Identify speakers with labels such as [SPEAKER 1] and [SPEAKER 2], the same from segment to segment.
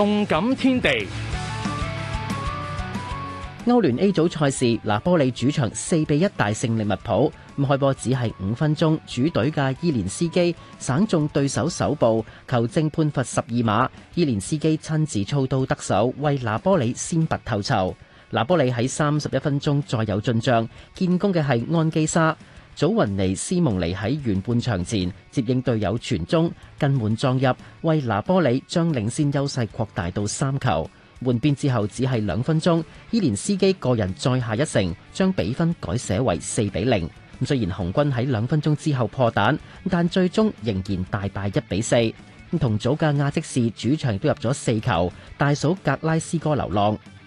[SPEAKER 1] 動感天地，歐聯 A 組賽事，拿玻里主場四比一大勝利物浦。咁開波只係五分鐘，主隊嘅伊連斯基省中對手手部，球證判罰十二碼，伊連斯基親自操刀得手，為拿玻里先拔頭籌。拿玻里喺三十一分鐘再有進賬，建功嘅係安基沙。祖雲尼斯蒙尼喺完半場前接應隊友傳中，近門撞入，為拿玻里將領先優勢擴大到三球。換邊之後只係兩分鐘，伊連斯基個人再下一城，將比分改寫為四比零。咁雖然紅軍喺兩分鐘之後破蛋，但最終仍然大敗一比四。咁同組嘅亞積士主場都入咗四球，大勝格拉斯哥流浪。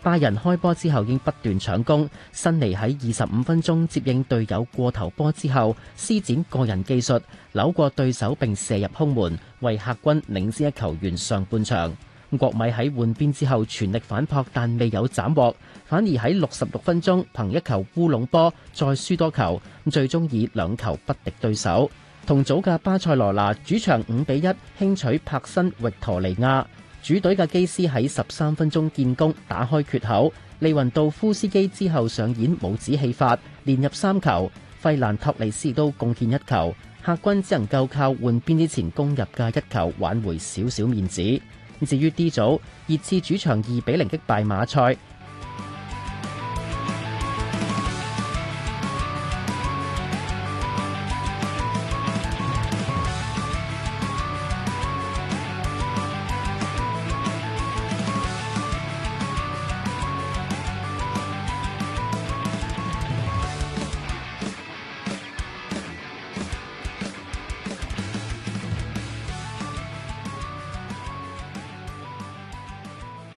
[SPEAKER 1] 拜仁開波之後，已經不斷搶攻。新尼喺二十五分鐘接應隊友過頭波之後，施展個人技術，扭過對手並射入空門，為客軍領先一球完上半場。國米喺換邊之後全力反撲，但未有斬獲，反而喺六十六分鐘憑一球烏龍波再輸多球，最終以兩球不敵對手。同組嘅巴塞羅那主場五比一輕取柏辛域陀利亞。主隊嘅基斯喺十三分鐘建功，打開缺口。利雲道夫斯基之後上演帽子戲法，連入三球。費蘭托利斯都貢獻一球，客軍只能夠靠換邊之前攻入嘅一球挽回少少面子。至於 D 組熱刺主場二比零擊敗馬賽。